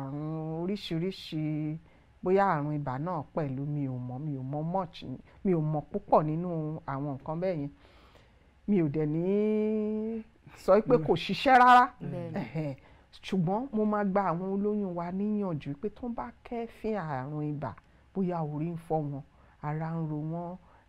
àrùn oríṣiríṣi bóyá àrùn ibà náà pẹ̀lú mi ò mọ̀ mi ò mọ̀ much mi ò mọ̀ púpọ̀ nínú àwọn nǹkan bẹ́ẹ̀ yẹn mi ò dẹ̀ ní sọ pé kò mm. ṣiṣẹ́ rárá ṣùgbọ́n mo máa gba àwọn olóyún wa níyànjú pé tó ń bá kẹ́fín àrùn ibà bóyá orí ń fọ́ wọn ara ń ro wọn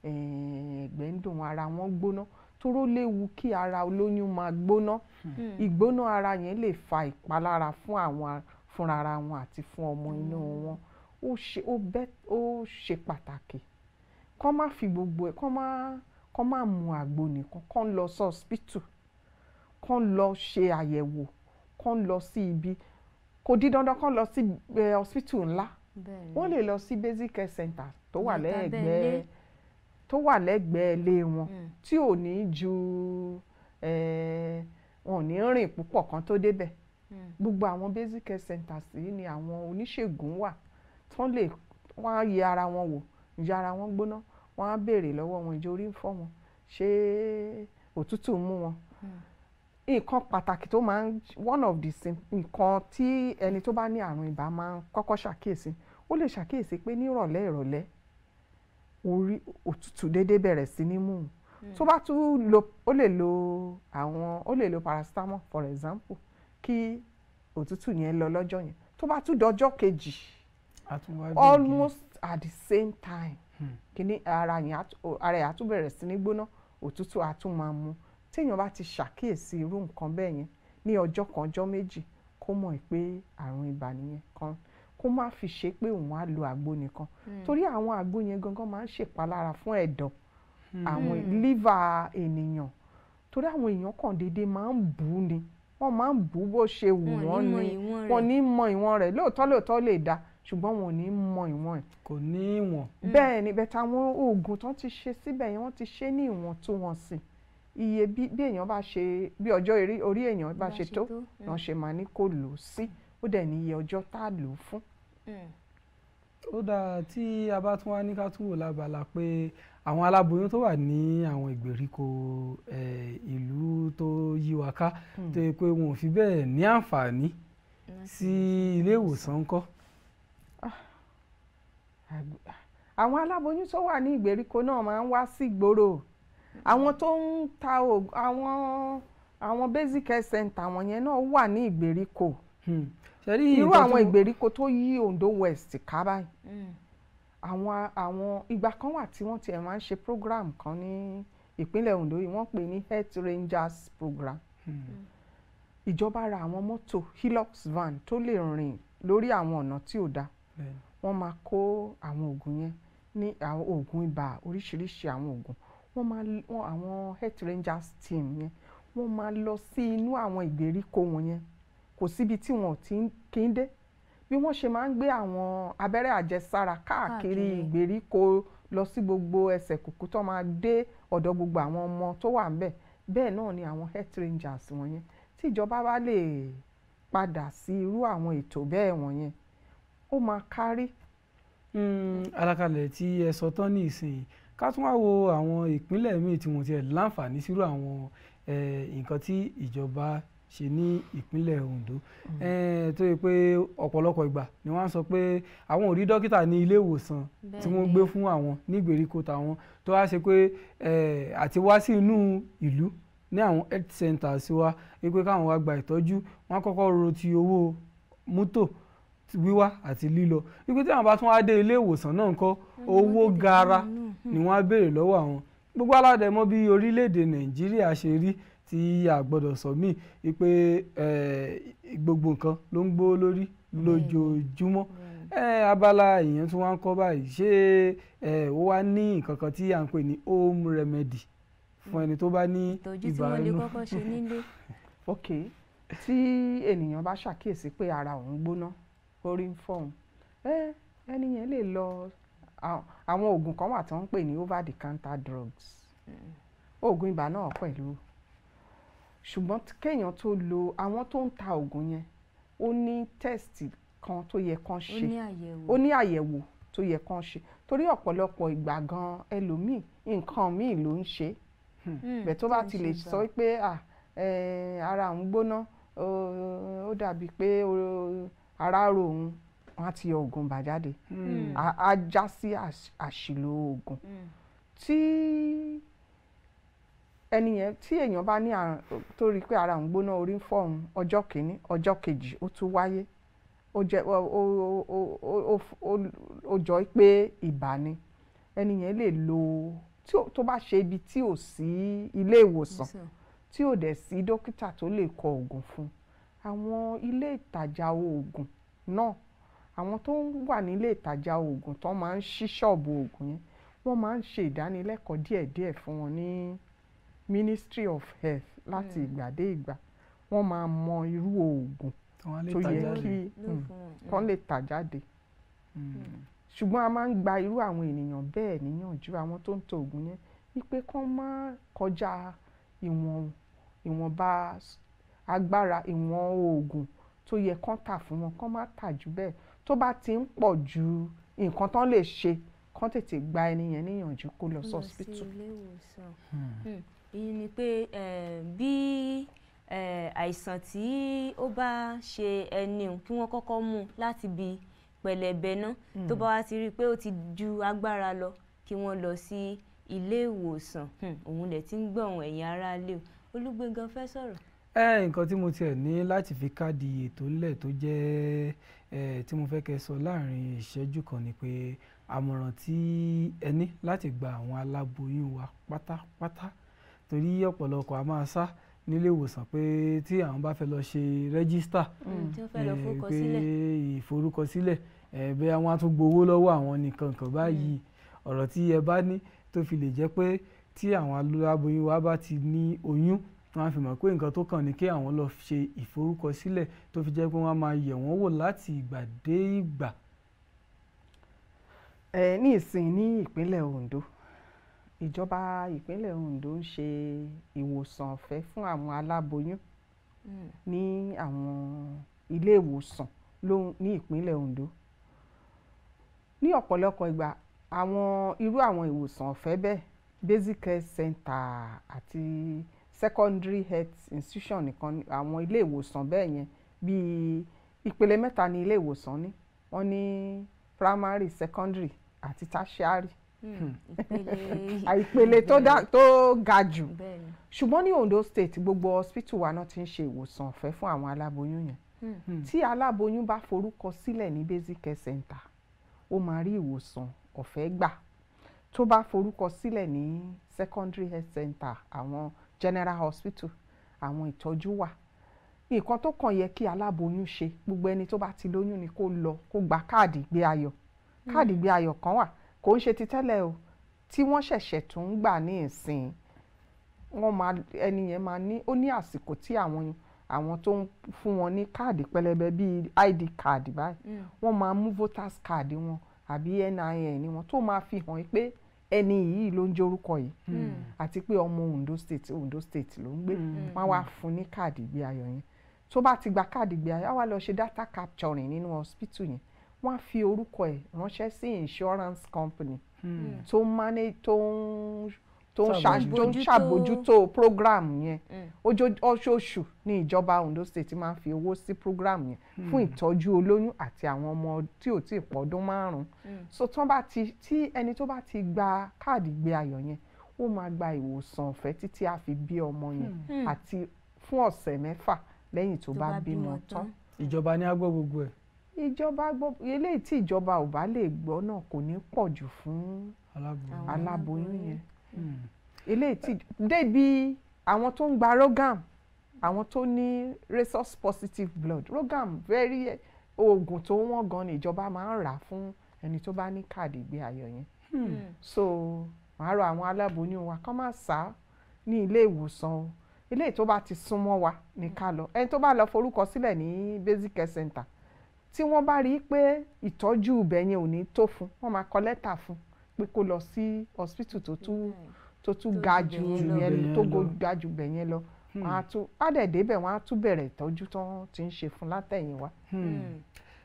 eh, ẹ̀gbẹ́ ń dùn wọn ara wọn gbóná tóró léwu kí ara olóyún máa gbóná hmm. ìgbóná ara yẹn lè fa ìpalára fún àwọn fúnra ara wọn àti fún ọmọ inú hmm. wọn ó ṣe ó bẹ́ ó ṣe pàtàkì kọ́ má fi gbogbo ẹ̀ kọ́ má kọ́ má mu àgbo nìkan kọ́ lọ sọ́ọ̀sìpìtù kọ́ ń lọ ṣe àyẹ̀wò kán lọ sí ibi kò di dandan kán lọ sí eh, hospital ńlá wọ́n lè lọ sí basic care center tó wà lẹ́gbẹ̀ẹ́ tó wà lẹ́gbẹ̀ẹ́ ilé wọn hmm. tí ò ní ju eh, wọn ò ní rìn púpọ̀ kan tó débẹ̀ hmm. gbogbo àwọn basic care centers yìí ni àwọn oníṣègùn wà tán lè wọ́n á yẹ ara wọn wò ǹjẹ́ ara wọn gbóná wọ́n á béèrè lọ́wọ́ wọn ìjọ orí ń fọ́ wọn ṣé òtútù ń mú wọn hmm nǹkan pàtàkì tó máa ń one of the nǹkan tí ẹni tó bá ní àrùn ibà máa ń kọ́kọ́ ṣàkíyèsí ó lè ṣàkíyèsí pé ní ìrọ̀lẹ́ ìrọ̀lẹ́ orí òtútù déédéé bẹ̀rẹ̀ sí ní mú un hmm. tó bá tún lo ó lè lo àwọn ó lè lo paracetamol for example kí òtútù yẹn lọ lọ́jọ́ yẹn tó bá tún dọjọ́ kejì almost at the same time hmm. kí ni ara yẹn ara yẹn á tún bẹ̀rẹ̀ sí ní gbóná òtútù á tún máa mú un téèyàn bá ti ṣàkíyèsí irú nǹkan bẹ́ẹ̀ yẹn ní ọjọ́ kan ọjọ́ méjì kó mọ̀ pé àrùn ibà nìyẹn kan kó má fi ṣe pé òun á lo àgbo nìkan hmm. torí àwọn àgbo yẹn gangan máa ń ṣèpalára fún ẹ̀dọ̀ hmm. àwọn líva ènìyàn torí àwọn èèyàn kan déédéé máa ń bù ú ni wọ́n máa ń bù ú bó ṣe wù wọ́n ni wọ́n ní mọ ìwọ̀n rẹ̀ lóòótọ́ lóòótọ́ lè dáa ṣùgbọ́n wọn ò ní mọ ìwọ̀n ẹ̀. kò ní ìwọ̀n. Hmm. bẹ́ẹ̀ ni bẹ́ẹ̀ táwọn oògùn tó ti ṣe síbẹ̀ yẹn wọ́n ti ṣe ní ìwọ̀n tó wọ̀n sí iye bí bí èèyàn bá ṣe bí ọjọ́ orí èèyàn bá ṣe tó náà ṣe máa ní kó lò ó sí ó dẹ̀ ní iye ọjọ́ tá a lò ó fún. ó dáa tí a bá tún wá ní ká tún wò lábala pé àwọn aláboyún tó wà ní àwọn ìgbèríko ìlú tó yí wa ká hmm. tó yẹ pé wọn ò fi bẹ́ẹ̀ ní àǹfààní sí ilé ìwòsàn ńkọ́. Ah. àwọn aláboyún tó wà ní ìgbèríko náà máa ń wá sí ìgboro. Si àwọn tó ń ta àwọn àwọn basic health center àwọn yẹn náà wà ní ìgbèríko hmm. irú àwọn ìgbèríko tó yí Ondo West ká báyìí hmm. àwọn àwọn ìgbà kan wà tí wọ́n tiẹ̀ máa ń ṣe program kan ní ìpínlẹ̀ Ondo yìí wọ́n pè ní health rangers program hmm. ìjọba ra àwọn mọ́tò Hilux van tó lè rìn lórí àwọn ọ̀nà tí ò dáa wọ́n máa kó àwọn oògùn yẹn ní àwọn oògùn ibà oríṣiríṣi àwọn oògùn wọ́n máa wọ́n àwọn Earth Rangers team yẹn wọ́n máa lọ sí inú àwọn ìgbèríko wọn yẹn kò síbi tí wọn ò ti kí ń dé bí wọ́n ṣe máa ń gbé àwọn abẹ́rẹ́ àjẹsára káàkiri ìgbèríko lọ sí gbogbo ẹsẹ̀ kùkú tó máa dé ọ̀dọ̀ gbogbo àwọn ọmọ tó wà ń bẹ̀ bẹ́ẹ̀ náà ni àwọn health rangers wọ̀nyẹn tí ìjọba bá lè padà sí irú àwọn ètò bẹ́ẹ̀ wọ̀nyẹn ó máa kárí. Hmm, alákàlẹ̀ tí ẹ sọ tán ní ìsìn ká tún wá wo àwọn ìpínlẹ̀ míì tí wọ́n ti ẹ̀ láǹfààní sírú àwọn nǹkan tí ìjọba ṣe ní ìpínlẹ̀ Ondo mm. tó yẹ pé ọ̀pọ̀lọpọ̀ ìgbà ni wọ́n á sọ pé àwọn ò rí dókítà ní ilé ìwòsàn tí wọ́n gbé fún àwọn ní ìgbèríko tàwọn tó wá ṣe pé àti wá sí inú ìlú ní àwọn health centers wa wípé káwọn wá gba ìtọ́jú wọ́n á kọ́kọ́ ro ti owó mọ́tò wíwá àti lílọ wípé tí àwọn bá tún wá dé ilé ìwòsàn náà ńkọ́ owó gara ni wọ́n á béèrè lọ́wọ́ àwọn gbogbo aládẹ mọ̀ bí orílẹ̀-èdè nàìjíríà ṣe rí tí a gbọ́dọ̀ sọ míì wípé eh, gbogbo nǹkan ló ń gbó lórí lójoojúmọ́ eh, abala ìyẹn tí wọ́n ń kọ́ báyìí ṣé eh, ó wá ní nǹkan kan tí à ń pè ní home remedy fún ẹni tó bá ní ibà inú. ok tí ènìyàn bá ṣàkíyèsí pé ara òun gbóná orí ń fọ́ òun ẹni yẹn lè lọ àwọn oògùn kan wà tó ń pè ní over the counter drugs hmm. oògùn ibà náà pẹ̀lú ṣùgbọ́n kéèyàn tó lo àwọn tó ń ta oògùn yẹn ó ní test kan tó yẹ kán ṣe ó ní àyẹ̀wò tó yẹ kán ṣe torí ọ̀pọ̀lọpọ̀ ìgbà gan ẹlòmíì nǹkan míì ló ń ṣe hmm. Hmm, bẹ́ẹ̀ tó bá ti lè sọ pé ara òun gbóná ó dàbí pé ara ro òun wọ́n á ti yọ oògùn bà jáde á hmm. já sí àṣìlò oògùn hmm. tí ẹni yẹn tí èèyàn bá ní àrùn tó rí i pé ara ń gbóná orí ń fọ́ òun ọjọ́ kìíní ọjọ́ kejì ó tún wáyé ó jẹ ó ó ó ó jọ pé ibà ni ẹni yẹn lè lo tó bá ṣe ibi tí ò sí ilé ìwòsàn tí ò dẹ̀ sí dókítà tó lè kọ oògùn fún àwọn ilé ìtajà oògùn náà àwọn tó ń wà nílé ìtajà oògùn tó máa ń ṣí ṣọ́ọ̀bù oògùn yẹn wọ́n máa ń ṣe ìdánilẹ́kọ̀ọ́ díẹ̀díẹ̀ fún wọn ní Ministry of Health láti hmm. ìgbà dé ìgbà wọ́n máa mọ irú oògùn tó yẹ kí kán hmm, hmm. lè tà jáde ṣùgbọ́n a máa ń gba irú àwọn ènìyàn bẹ́ẹ̀ níyànjú àwọn tó ń to oògùn yẹn wípé kán má kọjá ìwọ̀nba agbára ìwọ̀n oògùn tó yẹ kán tà fún wọn kán má tà jù bẹ́ẹ̀ tó bá ti ń pọ̀ ju nǹkan tán lè ṣe kán tètè gba ẹni yẹn níyànjú kó lọ sí hmm. hmm. ìyẹn ni pé bí àìsàn tí ó bá ṣe ẹni kí wọ́n kọ́kọ́ mú láti bi pẹ̀lẹ̀bẹ̀ náà hmm. tó bá wá ti rí i pé ó ti ju agbára lọ kí wọ́n lọ sí ilé ìwòsàn òun lẹ̀ ti ń gbọ̀n ẹ̀yìn aráalé o fẹ́ sọ̀rọ̀ ẹ nǹkan tí mo tiẹ̀ ní láti fi káàdì ètò ńlẹ̀ tó jẹ́ ẹ tí mo fẹ́ kẹ́ sọ láàrin ìṣẹ́jú kan ni pé àmọ̀ràn tí ẹ ní láti gba àwọn aláboyún wa pátápátá torí ọ̀pọ̀lọpọ̀ a máa sá nílé ìwòsàn pé tí àwọn bá fẹ́ lọ ṣe rẹ́gísítà mm, pé ìforúkọsílẹ̀ bẹ́ẹ̀ àwọn á tún gbowó lọ́wọ́ àwọn nìkan báyìí mm. ọ̀rọ̀ tí ẹ bá ní tó fi lè jẹ́ pé tí àwọn aláboyún wa bá ti ní oyún wọ́n á fi mọ̀ pé nǹkan tó kàn ní kí àwọn lọ ṣe ìforúkọsílẹ̀ tó fi jẹ́ pé wọ́n á máa yẹ̀ wọ́n wò láti ìgbà dé ìgbà. ẹ ní ìsìn ní ìpínlẹ̀ Ondo ìjọba ìpínlẹ̀ Ondo ń ṣe ìwòsàn ọ̀fẹ́ fún àwọn aláboyún ní àwọn ilé ìwòsàn ní ìpínlẹ̀ Ondo ní ọ̀pọ̀lọpọ̀ ìgbà àwọn irú àwọn ìwòsàn ọ̀fẹ́ bẹ́ẹ̀ basic care center Àti secondary health institution nìkan àwọn ilé ìwòsàn bẹ́ẹ̀ yẹn bíi ìpele mẹ́ta ni ilé ìwòsàn ní wọ́n ní primary secondary àti tertiary àìpele hmm, hmm. tó ga jù ṣùgbọ́n ní Ondo state gbogbo hospital wa náà ti ń ṣe ìwòsàn ọ̀fẹ́ fún àwọn aláboyún yẹn hmm. tí aláboyún bá forúkọ sílẹ̀ ní basic care center ó máa rí ìwòsàn ọ̀fẹ́ gbà tó bá forúkọ sílẹ̀ ní secondary health center àwọn general hospital àwọn ìtọ́jú wà nǹkan tó kàn yẹ kí aláboyún ṣe gbogbo ẹni tó bá ti lóyún ni kó lọ kó gba káàdì ìgbé ayọ̀ káàdì ìgbé ayọ̀ kan wà kò ń ṣe ti tẹ́lẹ̀ o tí wọ́n ṣẹ̀ṣẹ̀ tún ń gbà ní ìsìn wọ́n máa ẹni yẹn máa ní ó ní àsìkò tí àwọn àwọn tó ń fún wọn ní káàdì pẹlẹbẹ bíi id card báyìí mm. wọ́n máa mú voters card wọn àbí NIN wọn tó máa fi hàn pé ẹni yìí ló ń jẹ́ orúkọ yìí hmm. àti pé ọmọ Ondo state Ondo state ló ń gbé hmm. wọ́n wá fún ní káàdì ìgbé ayọ̀ yẹn tó bá ti gba káàdì ìgbé ayọ̀ wá lọ ṣe data capturing nínú hospital yẹn wọ́n fi orúkọ ẹ̀ ránṣẹ́ sí insurance company hmm. tó manage tó ń tó ń ṣàbójútó program yẹn mm. oṣooṣù ni ìjọba Ondo State máa ń fi owó sí program yẹn mm. fún ìtọ́jú olóyún àti àwọn ọmọ tí ò tí ì pọ̀ ọdún márùn-ún mm. so tán bá ti tí ẹni tó bá ti gba káàdì ìgbé ayọ̀ yẹn ó máa gba ìwòsàn ọ̀fẹ́ títí a fi bí ọmọ yẹn hmm. Hmm. àti fún ọ̀sẹ̀ mẹ́fà lẹ́yìn tó bá bímọ tán. ìjọba ni a gbọ́ gbogbo ẹ̀ ìjọba gbọ́ eléyìí tí ìjọba ò bá lè gbọ́ náà kò ní pọ̀ jù fún aláboyún yẹn eléyìí ti débi àwọn tó ń gba rogam àwọn tó ní resource positive blood rogam very oògùn tó wọ́n gan ni ìjọba máa ń rà fún ẹni tó bá ní káàdì ìgbé ayọ̀ yẹn hmm. so màá rọ àwọn aláboyún wa kán má sá ní ilé ìwòsàn o eléyìí tó bá ti súnmọ́ wa ní ká lọ ẹni tó bá lọ forúkọ sílẹ̀ ní basic care center tí wọ́n bá rí i pé ìtọ́jú ibẹ̀ yẹn ò ní tó fún wọn máa kọ lẹ́tà fún un pé kó lọ sí hospital tó tún tó tún ga jù yẹn tó ga jù bẹ̀ yẹn lọ wọn hmm. á tún á dẹ̀ débẹ̀ wọn á tún bẹ̀rẹ̀ ìtọ́jú tó ti ń ṣe fún látẹ̀yìnwá. Hmm. Hmm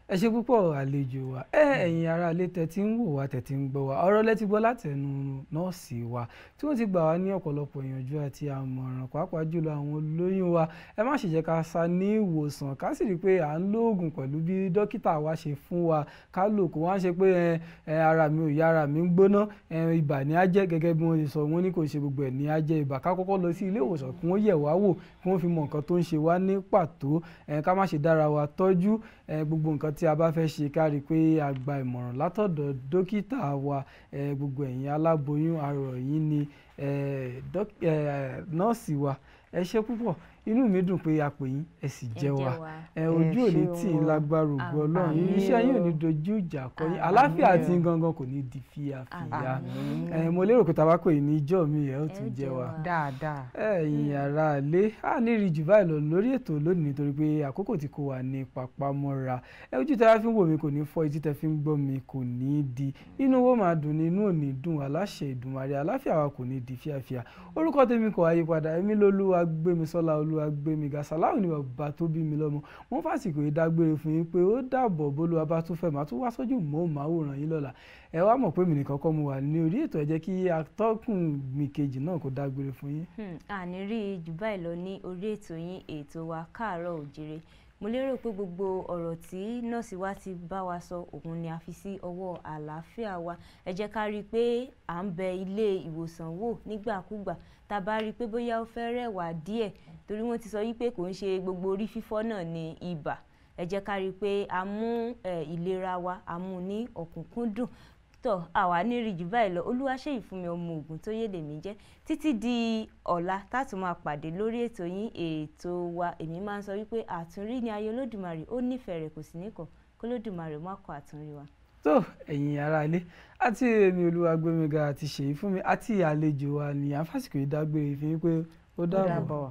ẹ ṣe púpọ̀ àlejò wa ẹ ẹ̀yin ará ilé tẹ̀tí ń wò wá tẹ̀tí ń gbọ́ wá ọ̀rọ̀ lẹ́tí gbọ́ látẹnu nọ́ọ̀sì wa tí wọ́n ti gbà wá ní ọ̀pọ̀lọpọ̀ ìyànjú àti àmọ̀ràn pàápàá jùlọ àwọn olóyún wa ẹ má ṣe jẹ́ ká sá ní ìwòsàn ká sì rí i pé à ń lo oògùn pẹ̀lú bí dókítà wa ṣe fún wa ká lò kó wá ṣe pé ara mi ò yá mi ń gbóná ibà ni á jẹ́ gẹ́gẹ́ bí wọ́n tí a bá fẹ́ ṣe ká rí i pé a gba ìmọ̀ràn látọ̀dọ̀ dókítà wa gbogbo ẹ̀yin aláboyún arọ̀ yín ni nọ́ọ̀sì wa ẹ ṣé púpọ̀ inú mi dùn pé a pè yín ẹ sì jẹ́ wa ẹ ojú ò ní tì í lágbára ògbó ọlọ́run iṣẹ́ yín ò ní dojú ìjà kọ yín àlàáfíà àti gangan kò ní di fíyàfíyà ẹ mo lérò pé tàbá pè ní ìjọ mi ẹ ó tún jẹ́ wa dáadáa ẹ̀yin ará ilé a ní rí jù báyìí lọ lórí ètò lónìí nítorí pé àkókò tí kò wà ní papamọ́ra ẹ ojú tẹ́ fi ń wò mí kò ní fọ́ etí tẹ́ fi ń gbọ́ mi kò ní di inú wo máa dùn ní inú ò ní dùn aláṣẹ ìdùnmọ̀ àríyá àlàáfíà wa kò ní di fíyàfíyà orúkọ tèmi olúwa gbé mi ga Sàláù ni bàbá tó bí mi lọ́mọ wọ́n fàsìkò yìí dágbére fún yín pé ó dàbọ̀ bólúwa bá màá tún wá sójú mọ́ọ̀máwòrán yín lọ́la ẹ wá mọ̀ pé mi nìkan kọ́ mo wà ní orí ètò ẹ jẹ́ kí atọ́kùn mi kejì náà kó dágbére fún yín. àní hmm, rí jù báyìí lọ ní orí ètò yín ètò wa káàárọ̀ oòjíire mo lérò pé gbogbo ọ̀rọ̀ tí nọ́ọ̀sì wa ti bá wa sọ òun ni a fi sí ọwọ́ àlàáfíà wa ẹ jẹ́ ká rí i pé à ń bẹ ilé ìwòsàn wò nígbàkúgbà tá a bá rí i pé bóyá ó fẹ́ rẹ̀wà díẹ̀ torí wọ́n ti sọ wípé kò ń ṣe gbogbo orí fífọ́ náà ni ibà ẹ jẹ́ ká rí i pé a mú ìlera wa a mú ní ọ̀kúnkúndùn tó àwa ní rí jù báyìí lọ olúwaṣeyìí fún mi ọmọ ògùn tó yé lèmi jẹ́ títí di ọ̀la tátù máa pàdé lórí ètò yín ètò wa èmi máa ń sọ wípé àtúnrí ni ayé olódùmarè ó nífẹ̀ẹ́ rẹ̀ kò sí níkọ̀ kólódùmarè má kọ̀ àtúnrí wa. tó ẹ̀yin ará ilé àti èmi olúwagbémiga àti ṣèyí fún mi àti àlejò wa nìyàn fásitì ìdágbére fi wípé ó dàbọ̀.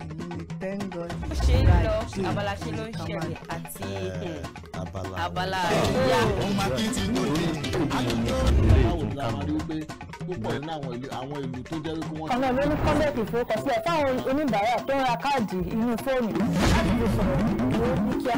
ṣe ń lọ abala ṣe ló ń ṣẹlẹ̀ àti hmm, abala ìyá. ọmọ akéèti ìlú àwọn ìlú tó jẹ́ fáwọn oníbàárà tó ń ra káàdì inú fóònù láti fi sọ̀rọ̀ ní kíá.